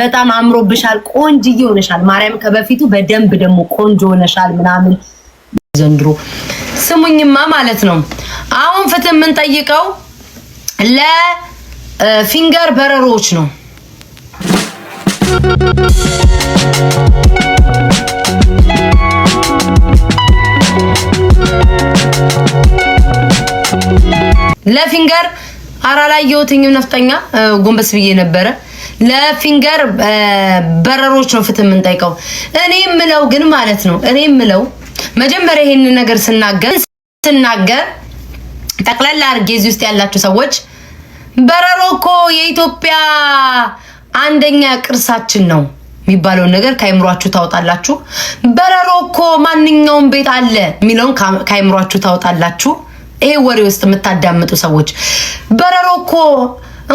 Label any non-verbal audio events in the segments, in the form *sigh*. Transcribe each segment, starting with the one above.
በጣም አምሮብሻል፣ ቆንጅዬ ሆነሻል። ማርያም ከበፊቱ በደንብ ደግሞ ቆንጆ ሆነሻል ምናምን ዘንድሮ ስሙኝማ ማለት ነው። አሁን ፍትህ የምንጠይቀው ለፊንገር በረሮች ነው። ለፊንገር አራ ላይ የወትኝም ነፍጠኛ ጎንበስ ብዬ ነበረ ለፊንገር በረሮች ነው ፍትህ የምንጠይቀው። እኔ ምለው ግን ማለት ነው እኔ ምለው መጀመሪያ ይሄንን ነገር ስናገር ስናገር ጠቅላላ አድርጌ እዚህ ውስጥ ያላችሁ ሰዎች በረሮ እኮ የኢትዮጵያ አንደኛ ቅርሳችን ነው የሚባለውን ነገር ከአይምሯችሁ ታወጣላችሁ። በረሮ እኮ ማንኛውም ቤት አለ የሚለውን ከአይምሯችሁ ታወጣላችሁ። ይሄ ወሬ ውስጥ የምታዳምጡ ሰዎች በረሮ እኮ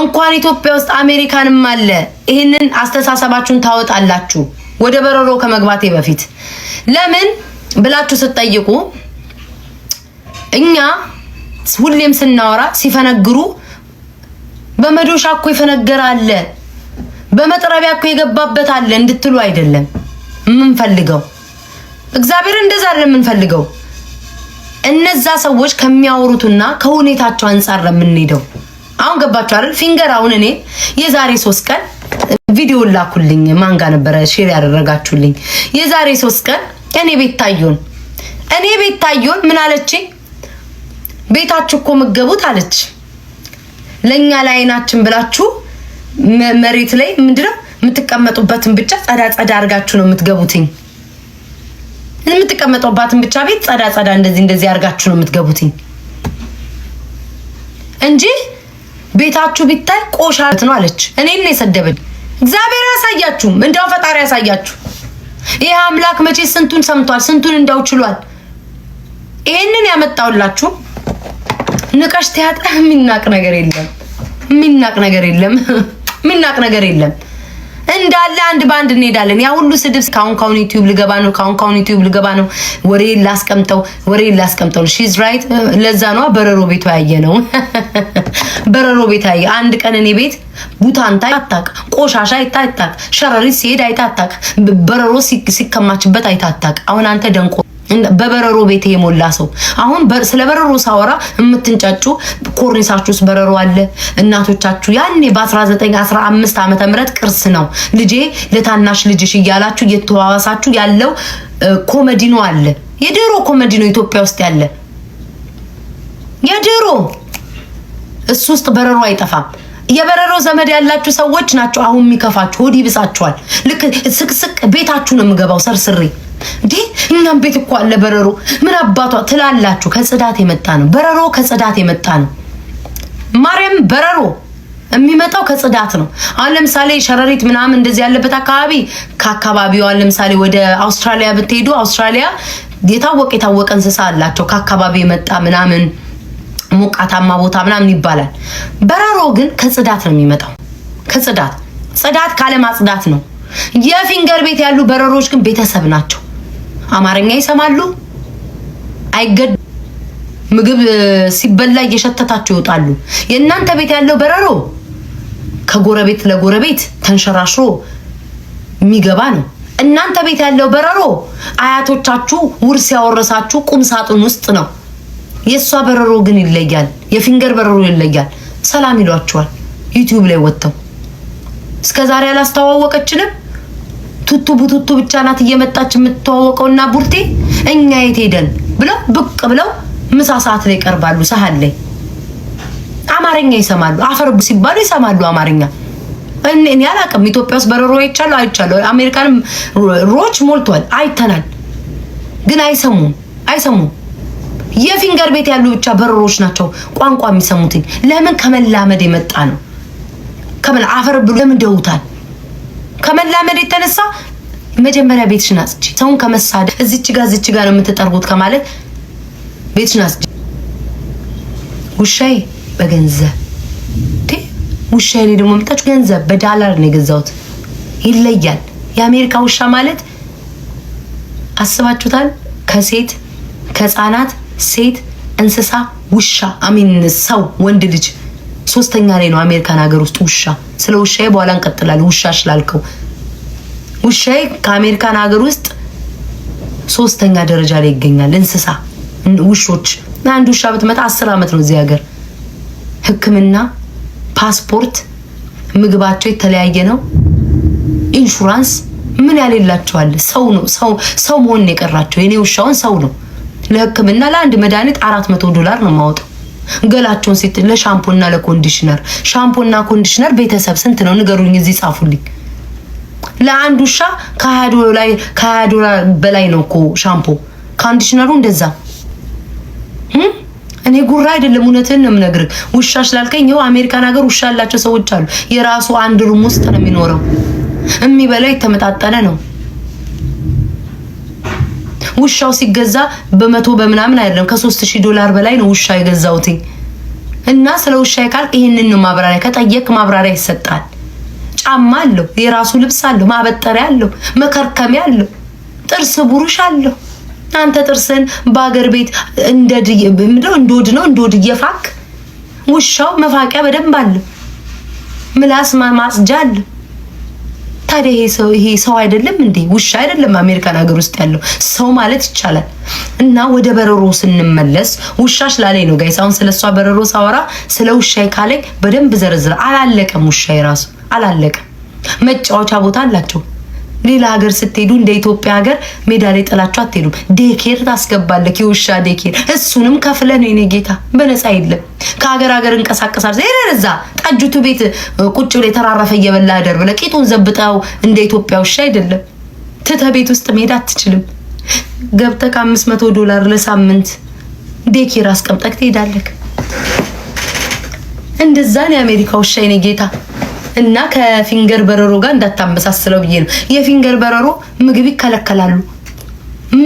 እንኳን ኢትዮጵያ ውስጥ አሜሪካንም አለ። ይህንን አስተሳሰባችሁን ታወጣላችሁ ወደ በረሮ ከመግባቴ በፊት ለምን ብላችሁ ስትጠይቁ እኛ ሁሌም ስናወራ ሲፈነግሩ በመዶሻ እኮ የፈነገረ አለ፣ በመጥረቢያ እኮ የገባበት አለ እንድትሉ አይደለም የምንፈልገው። እግዚአብሔር እንደዛ አይደለም የምንፈልገው። እነዛ ሰዎች ከሚያወሩትና ከሁኔታቸው አንጻር ነው አሁን ገባችሁ አይደል? ፊንገር አሁን እኔ የዛሬ ሶስት ቀን ቪዲዮ ላኩልኝ። ማንጋ ነበረ ሼር ያደረጋችሁልኝ? የዛሬ ሶስት ቀን እኔ ቤት ታየውን እኔ ቤት ታየውን ምን አለች? ቤታችሁ እኮ መገቡት አለች። ለእኛ ለአይናችን ብላችሁ መሬት ላይ ምንድነው የምትቀመጡበትን ብቻ ጸዳ ጸዳ አድርጋችሁ ነው የምትገቡትኝ። የምትቀመጡባትን ብቻ ቤት ጸዳ ጸዳ እንደዚህ እንደዚህ አድርጋችሁ ነው የምትገቡትኝ እንጂ ቤታችሁ ቢታይ ቆሻት ነው አለች። እኔን ነው የሰደበኝ። እግዚአብሔር ያሳያችሁም፣ እንደው ፈጣሪ ያሳያችሁ። ይህ አምላክ መቼ ስንቱን ሰምቷል፣ ስንቱን እንዳው ችሏል። ይሄንን ያመጣውላችሁ ንቀሽ ትያጣ የሚናቅ ነገር የለም። የሚናቅ ነገር የለም። *laughs* የሚናቅ ነገር የለም። እንዳለ አንድ በአንድ እንሄዳለን። ያ ሁሉ ስድብ ካሁን ካሁን ዩቲዩብ ልገባ ነው፣ ካሁን ካሁን ዩቲዩብ ልገባ ነው፣ ወሬ ላስቀምጠው፣ ወሬ ላስቀምጠው። ሺዝ ራይት። ለዛ ነዋ በረሮ ቤቷ ያየ ነው። *laughs* በረሮ ቤት ያየ አንድ ቀን እኔ ቤት ቡታንታ አይታጣቅ፣ ቆሻሻ አይታጣቅ፣ ሸረሪት ሲሄድ አይታጣቅ፣ በረሮ ሲከማችበት አይታጣቅ። አሁን አንተ ደንቆ በበረሮ ቤት የሞላ ሰው አሁን ስለ በረሮ ሳወራ የምትንጫጩ ኮርኒሳችሁ ውስጥ በረሮ አለ። እናቶቻችሁ ያኔ በ1915 ዓ ም ቅርስ ነው ልጄ ለታናሽ ልጅሽ እያላችሁ እየተዋዋሳችሁ ያለው ኮመዲኖ አለ። የድሮ ኮመዲኖ ኢትዮጵያ ውስጥ ያለ የድሮ እሱ ውስጥ በረሮ አይጠፋም። የበረሮ ዘመድ ያላችሁ ሰዎች ናቸው አሁን የሚከፋችሁ፣ ሆድ ይብሳችኋል። ልክ ስቅስቅ ቤታችሁ ነው የምገባው ሰርስሬ እንዴ እኛም ቤት እኮ አለ በረሮ። ምን አባቷ ትላላችሁ? ከጽዳት የመጣ ነው በረሮ፣ ከጽዳት የመጣ ነው ማርያም። በረሮ የሚመጣው ከጽዳት ነው። አሁን ለምሳሌ ሸረሪት ምናምን እንደዚህ ያለበት አካባቢ ከአካባቢዋ ለምሳሌ ወደ አውስትራሊያ ብትሄዱ አውስትራሊያ የታወቀ የታወቀ እንስሳ አላቸው ከአካባቢ የመጣ ምናምን ሞቃታማ ቦታ ምናምን ይባላል። በረሮ ግን ከጽዳት ነው የሚመጣው። ከጽዳት ጽዳት ካለማጽዳት ነው። የፊንገር ቤት ያሉ በረሮች ግን ቤተሰብ ናቸው። አማርኛ ይሰማሉ። አይገድ ምግብ ሲበላ እየሸተታቸው ይወጣሉ። የእናንተ ቤት ያለው በረሮ ከጎረቤት ለጎረቤት ተንሸራሽሮ የሚገባ ነው። እናንተ ቤት ያለው በረሮ አያቶቻችሁ ውርስ ያወረሳችሁ ቁም ሳጥን ውስጥ ነው። የእሷ በረሮ ግን ይለያል። የፊንገር በረሮ ይለያል። ሰላም ይሏቸዋል ዩቲዩብ ላይ ወጥተው እስከ ዛሬ አላስተዋወቀችንም። ቱቱ ቡቱቱ ብቻ ናት እየመጣች የምትተዋወቀው እና ቡርቴ እኛ የት ሄደን ብለው ብቅ ብለው ምሳ ሰዓት ላይ ይቀርባሉ። ሰሃን ላይ አማርኛ ይሰማሉ። አፈር ሲባሉ ይሰማሉ አማርኛ። እኔ አላውቅም። ኢትዮጵያ ውስጥ በረሮ አይቻለሁ አይቻለሁ። አሜሪካንም ሮች ሞልቷል፣ አይተናል። ግን አይሰሙም አይሰሙም። የፊንገር ቤት ያሉ ብቻ በረሮች ናቸው ቋንቋ የሚሰሙትኝ። ለምን ከመላመድ የመጣ ነው። ከመላ አፈር ብሎ ለምን ደውታል ከመላመድ የተነሳ መጀመሪያ ቤትሽን አጽጂ። ሰውን ከመሳደ እዚች ጋር እዚች ጋር ነው የምትጠርጉት ከማለት ቤትሽን አጽጂ። ውሻዬ በገንዘብ ውሻዬ፣ እኔ ደግሞ የምጣችሁ ገንዘብ በዳላር ነው የገዛሁት። ይለያል። የአሜሪካ ውሻ ማለት አስባችሁታል? ከሴት ከህፃናት ሴት እንስሳ ውሻ አሚን ሰው ወንድ ልጅ ሶስተኛ ላይ ነው አሜሪካን ሀገር ውስጥ ውሻ። ስለ ውሻዬ በኋላ እንቀጥላለን። ውሻ ስላልከው ውሻዬ ከአሜሪካን ሀገር ውስጥ ሶስተኛ ደረጃ ላይ ይገኛል። እንስሳ ውሾች አንድ ውሻ ብትመጣ አስር ዓመት ነው እዚህ ሀገር። ሕክምና፣ ፓስፖርት፣ ምግባቸው የተለያየ ነው። ኢንሹራንስ ምን ያህል የላቸዋል። ሰው ነው ሰው ሰው መሆን የቀራቸው የኔ ውሻውን ሰው ነው። ለሕክምና ለአንድ መድኃኒት አራት መቶ ዶላር ነው የማወጣው። ገላቸውን ሴት ለሻምፖና ለኮንዲሽነር ሻምፖና ኮንዲሽነር ቤተሰብ ስንት ነው ንገሩኝ፣ እዚህ ጻፉልኝ። ለአንድ ውሻ ከሀያ ዶላር በላይ ነው እኮ ሻምፖ ኮንዲሽነሩ እንደዛ። እኔ ጉራ አይደለም፣ እውነትን ነው የምነግርህ። ውሻ ስላልከኝ ይኸው አሜሪካን ሀገር ውሻ ያላቸው ሰዎች አሉ። የራሱ አንድ ሩም ውስጥ ነው የሚኖረው። የሚበላው የተመጣጠነ ነው። ውሻው ሲገዛ በመቶ በምናምን አይደለም ከሶስት ሺህ ዶላር በላይ ነው ውሻ የገዛውትኝ። እና ስለ ውሻ ካልክ ይህንን ማብራሪያ ከጠየቅ ማብራሪያ ይሰጣል። ጫማ አለው፣ የራሱ ልብስ አለው፣ ማበጠሪያ አለው፣ መከርከሚያ አለው፣ ጥርስ ብሩሽ አለው። አንተ ጥርስን በአገር ቤት እንደምለው እንደወድ ነው እንደወድ እየፋክ ውሻው መፋቂያ በደንብ አለው፣ ምላስ ማጽጃ አለው። ታዲያ ይሄ ሰው ይሄ ሰው አይደለም እንዴ? ውሻ አይደለም? አሜሪካን ሀገር ውስጥ ያለው ሰው ማለት ይቻላል። እና ወደ በረሮ ስንመለስ ውሻ ስላለኝ ነው ጋይስ። አሁን ስለሷ በረሮ ሳወራ ስለ ውሻ ካለኝ በደንብ ዘርዝራ አላለቀም። ውሻ ራሱ አላለቀም። መጫወቻ ቦታ አላቸው ሌላ ሀገር ስትሄዱ እንደ ኢትዮጵያ ሀገር ሜዳ ላይ ጥላችሁ አትሄዱም። ዴኬር ታስገባለህ፣ የውሻ ዴኬር። እሱንም ከፍለ ነው የኔ ጌታ፣ በነፃ የለም። ከሀገር ሀገር እንቀሳቀሳል። ዛ ጣጅቱ ቤት ቁጭ ብለህ የተራረፈ እየበላ ደር ብለህ ቂጡን ዘብጠው እንደ ኢትዮጵያ ውሻ አይደለም። ትተህ ቤት ውስጥ መሄድ አትችልም። ገብተ ከአምስት መቶ ዶላር ለሳምንት ዴኬር አስቀምጠህ ትሄዳለህ። እንደዛ ነው የአሜሪካ ውሻ የኔ ጌታ። እና ከፊንገር በረሮ ጋር እንዳታመሳስለው ብዬ ነው። የፊንገር በረሮ ምግብ ይከለከላሉ።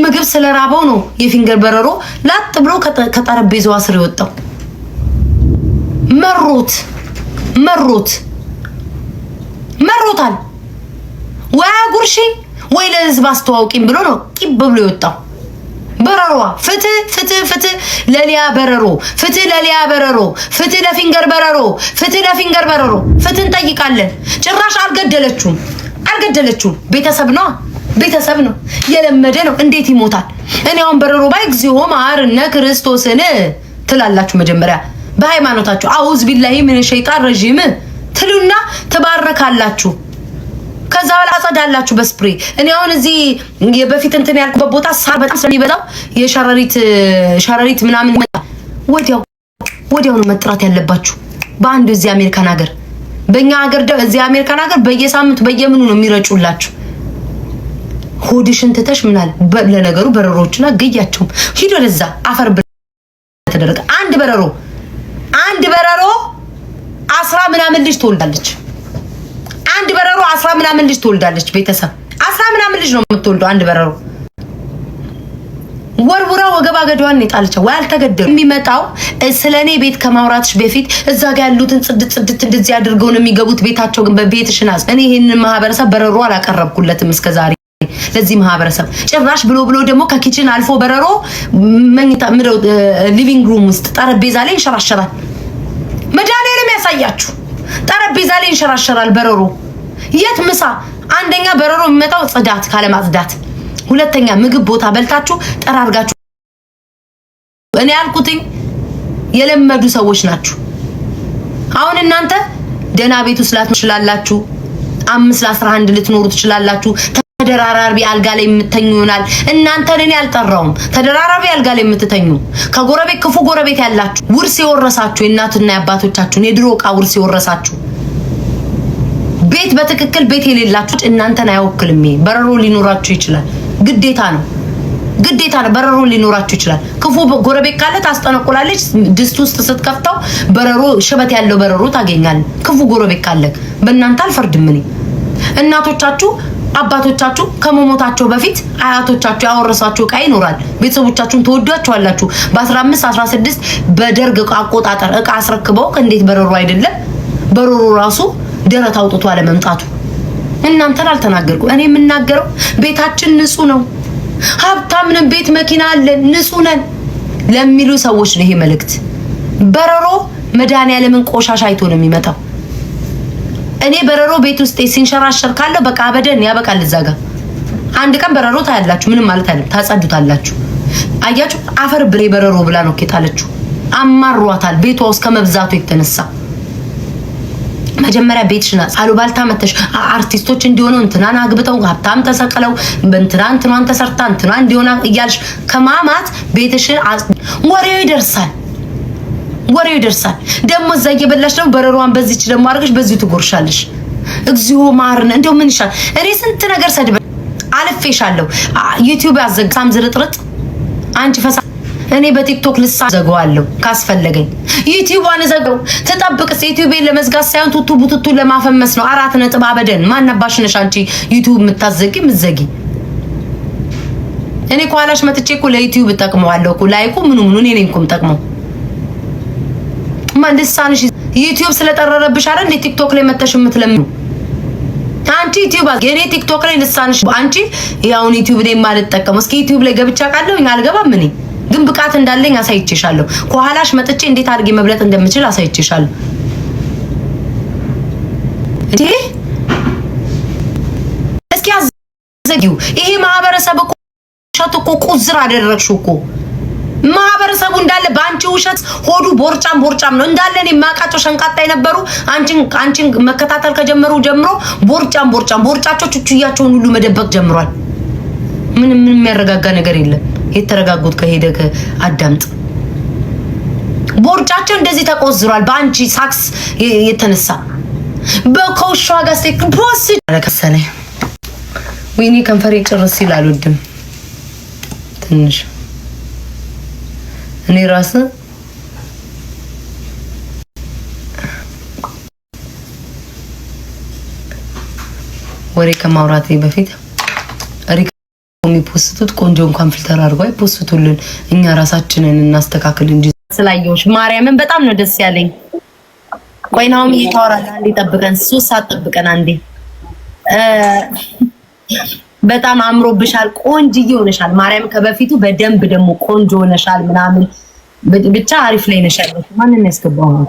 ምግብ ስለራበው ነው የፊንገር በረሮ ላጥ ብሎ ከጠረጴዛዋ ስር የወጣው። መሮት መሮት መሮታል። ወይ ጉርሺ ወይ ለህዝብ አስተዋውቂም ብሎ ነው ቂብ ብሎ የወጣው። በረሯ ፍትህ ፍትህ ፍትህ ለሊያ በረሮ ፍትህ ለሊያ በረሮ ፍትህ ለፊንገር በረሮ ፍትህ ለፊንገር በረሮ ፍትህ እንጠይቃለን። ጭራሽ አልገደለችውም አልገደለችውም። ቤተሰብ ነው ቤተሰብ ነው የለመደ ነው። እንዴት ይሞታል? እኔ አሁን በረሮ ባይ እግዚኦ መሐረነ ክርስቶስን ትላላችሁ። መጀመሪያ በሃይማኖታችሁ አውዝ ቢላሂ ምን ሸይጣን ረዥም ትሉና ትባረካላችሁ። ከዛ በኋላ አጸዳላችሁ በስፕሬ። እኔ አሁን እዚህ በፊት እንትን ያልኩበት ቦታ ሳር በጣም ስለሚበዛው የሸረሪት ሸረሪት ምናምን ወዲያው ወዲያው ነው መጥራት ያለባችሁ በአንዱ እዚህ አሜሪካን ሀገር በእኛ ሀገር እዚህ አሜሪካን ሀገር በየሳምንቱ በየምኑ ነው የሚረጩላችሁ። ሆድሽን ትተሽ ምናል ለነገሩ በረሮችና ግያቸውም ሂዶ ለዛ አፈር ተደረገ አንድ በረሮ አንድ በረሮ አስራ ምናምን ልጅ ትወልዳለች። አንድ በረሮ አስራ ምናምን ልጅ ትወልዳለች። ቤተሰብ አስራ ምናምን ልጅ ነው የምትወልደው አንድ በረሮ። ወርውራ ወገባ ገደዋን የጣለቻው ወይ አልተገደሉ የሚመጣው ስለ እኔ ቤት ከማውራትሽ በፊት እዛ ጋር ያሉትን ጽድት ጽድት እንደዚህ አድርገው ነው የሚገቡት። ቤታቸው ግን በቤትሽን አጽ እኔ ይህንን ማህበረሰብ በረሮ አላቀረብኩለትም እስከዛሬ ለዚህ ማህበረሰብ ጭራሽ ብሎ ብሎ ደግሞ ከኪችን አልፎ በረሮ መኝታ ሊቪንግ ሩም ውስጥ ጠረጴዛ ላይ ይንሸራሸራል። መድኃኒዓለም ያሳያችሁ። ጠረጴዛ ላይ ይንሸራሸራል በረሮ። የት ምሳ? አንደኛ በረሮ የሚመጣው ጽዳት ካለማጽዳት፣ ሁለተኛ ምግብ ቦታ በልታችሁ ጠራርጋችሁ። እኔ ያልኩትኝ የለመዱ ሰዎች ናችሁ። አሁን እናንተ ደህና ቤት ውስጥ ትችላላችሁ። አምስት ለአስራ አንድ ልትኖሩ ትችላላችሁ። ተደራራቢ አልጋ ላይ የምተኙ ይሆናል። እናንተ እኔ አልጠራውም። ተደራራቢ አልጋ ላይ የምትተኙ ከጎረቤት ክፉ ጎረቤት ያላችሁ ውርስ የወረሳችሁ የእናትና የአባቶቻችሁን የድሮ ዕቃ ውርስ የወረሳችሁ ቤት በትክክል ቤት የሌላችሁት እናንተን አይወክልም። በረሮ ሊኖራችሁ ይችላል። ግዴታ ነው ግዴታ ነው። በረሮ ሊኖራችሁ ይችላል። ክፉ ጎረቤት ካለ ታስጠነቁላለች። ድስት ውስጥ ስትከፍተው በረሮ ሽበት ያለው በረሮ ታገኛል። ክፉ ጎረቤት ካለ በእናንተ አልፈርድም እኔ። እናቶቻችሁ አባቶቻችሁ ከመሞታቸው በፊት አያቶቻችሁ ያወረሳችሁ እቃ ይኖራል። ቤተሰቦቻችሁን ተወዷችኋላችሁ። በ15 16 በደርግ አቆጣጠር እቃ አስረክበው እንዴት በረሮ አይደለም በረሮ ራሱ ደረት አውጥቶ አለመምጣቱ እናንተን አልተናገርኩ። እኔ የምናገረው ቤታችን ንጹህ ነው፣ ሀብታም ነን፣ ቤት መኪና አለን፣ ንጹህ ነን ለሚሉ ሰዎች ነው ይሄ መልእክት። በረሮ መድኃኒዓለምን ቆሻሻ አይቶ ነው የሚመጣው። እኔ በረሮ ቤት ውስጥ ሲንሸራሸር ካለው በቃ በደን ያበቃል። እዛ ጋር አንድ ቀን በረሮ ታያላችሁ። ምንም ማለት አይደለም፣ ታጸዱታላችሁ። አያችሁ፣ አፈር ብሬ በረሮ ብላ ነው ኬታለችሁ። አማሯታል ቤቷ ውስጥ ከመብዛቱ የተነሳ መጀመሪያ ቤትሽን አሉባልታ መተሽ አርቲስቶች እንዲሆኑ እንትናን አግብተው ሀብታም ተሰቅለው እንትና እንትኗን ተሰርታ እንትኗ እንዲሆና እያልሽ ከማማት ቤትሽን ወሬው ይደርሳል። ወሬው ይደርሳል። ደግሞ እዛ እየበላሽ ደግሞ በረሯን በዚች ደግሞ አድርገሽ በዚሁ ትጎርሻለሽ። እግዚኦ ማርን፣ እንደው ምን ይሻል? እኔ ስንት ነገር ሰድበ አልፌሻለሁ። ዩቲዩብ ያዘጋም ዝርጥርጥ አንቺ ፈሳ እኔ በቲክቶክ ልሳ ዘጋዋለሁ ካስፈለገኝ ዩቲዩብ ዘገው ትጠብቅስ። ዩቲዩብ ለመዝጋት ሳይሆን ቱቱ ቡቱቱ ለማፈመስ ነው። አራት ነጥብ አበደን። ማናባሽ ነሽ አንቺ ዩቲዩብ የምታዘጊ ምዘጊ እኔ ከኋላሽ መጥቼ እኮ ለዩቲዩብ እጠቅመዋለሁ እኮ ላይኩ ምኑ ምኑ እኔ ነኝ እኮ የምጠቅመው። ማን ልሳንሽ ዩቲዩብ ስለጠረረብሽ አይደል እንዴ ቲክቶክ ላይ መተሽ የምትለምኑ አንቺ ዩቲዩብ የኔ ቲክቶክ ላይ ልሳንሽ አንቺ ያውን ዩቲዩብ ላይ ማልጠቀመው እስኪ ዩቲዩብ ላይ ገብቻ ቃለሁኝ አልገባም እኔ ግን ብቃት እንዳለኝ አሳይቼሻለሁ። ከኋላሽ መጥቼ እንዴት አድርጌ መብለጥ እንደምችል አሳይቼሻለሁ። እንዴ እስኪ አዘጊው። ይሄ ማህበረሰብ እኮ ውሸት እኮ ቁዝር አደረግሽው እኮ ማህበረሰቡ እንዳለ በአንቺ ውሸት ሆዱ ቦርጫም ቦርጫም ነው እንዳለ። እኔ የማውቃቸው ሸንቃጣ የነበሩ አንቺን አንቺን መከታተል ከጀመሩ ጀምሮ ቦርጫም ቦርጫም ቦርጫቸው ቹቹያቸውን ሁሉ መደበቅ ጀምሯል። ምንም የሚያረጋጋ ነገር የለም። የተረጋጉት ከሄደ አዳምጥ። ቦርጫቸው እንደዚህ ተቆዝሯል በአንቺ ሳክስ የተነሳ በኮሽዋ ጋር ስቴክ ቦስ አለከሰለ ወይኔ ከንፈሬ ጭርስ ይላል። አልወድም። ትንሽ እኔ ራስ ወሬ ከማውራቴ በፊት ነው የሚፖስቱት። ቆንጆ እንኳን ፊልተር አድርጎ አይፖስቱልን። እኛ ራሳችንን እናስተካክል እንጂ ስላየሁሽ ማርያምን በጣም ነው ደስ ያለኝ። ቆይ ናሁም እየታወራለህ አንዴ ጠብቀን፣ ሶስት ሰዓት ጠብቀን አንዴ። በጣም አምሮብሻል፣ ቆንጅዬ ሆነሻል። ማርያም ከበፊቱ በደንብ ደግሞ ቆንጆ ሆነሻል ምናምን ብቻ አሪፍ ላይ ነሽ ያለው። ማንን ያስገባው ነው?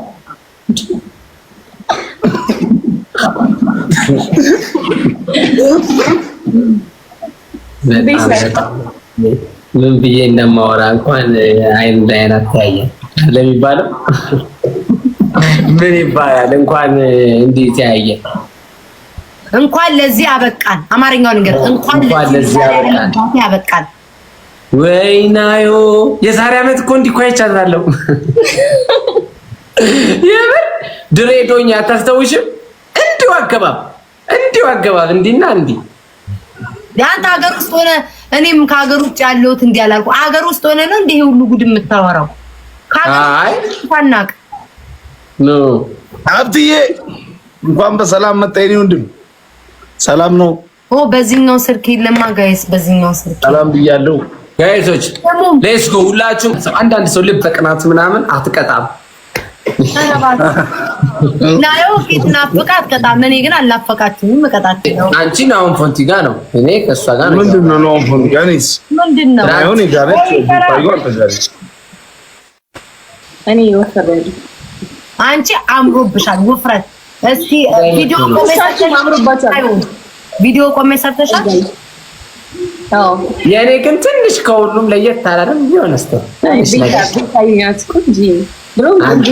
ምን ብዬ እንደማወራ እንኳን አይን ላይን አታየ ለሚባለው ምን ይባላል? እንኳን እንዲህ ተያየ። እንኳን ለዚህ አበቃን። አማርኛው ነገር እንኳን ለዚህ አበቃን። ወይናዮ የዛሬ አመት እኮ እንዲህ እኮ አይቻታለሁ። የምር ድሬ ዶኛ አታስታውሽም? እንዲሁ አገባብ እንዲሁ አገባብ እንዲህና እንዲህ ቢያንተ ሀገር ውስጥ ሆነ እኔም ከሀገር ውጭ ያለሁት እንዲህ አላልኩ። ሀገር ውስጥ ሆነ ነው እንዲህ ሁሉ ጉድ የምታወራው። ታናቅ ነው ሀብትዬ፣ እንኳን በሰላም መጣ የኔ ወንድም። ሰላም ነው። ኦ በዚህኛው ስልክ የለማ ጋይስ፣ በዚህኛው ስልክ ሰላም ብያለሁ ጋይሶች። ሌስኮ ሁላችሁም አንዳንድ ሰው ልብ በቅናት ምናምን አትቀጣም ናየው ፊት ናፍቃት በጣም እኔ ግን አላፈቃችሁም። እቀጣችሁ ነው። አንቺን አሁን ፎንቲ ጋር ነው፣ እኔ ከእሷ ጋር ነው። ምንድን ነው አሁን ፎንቲ ጋር ነኝ። ምንድን ነው እኔ ወፈረድ አንቺ አምሮብሻል። ውፍረት እስቲ ቪዲዮ ቆሜ ሰርተሻል። ቪዲዮ ቆሜ ሰርተሻል። የእኔ ግን ትንሽ ከሁሉም ለየት ታላለም ቢሆን እስቲ ብሎም አንዱ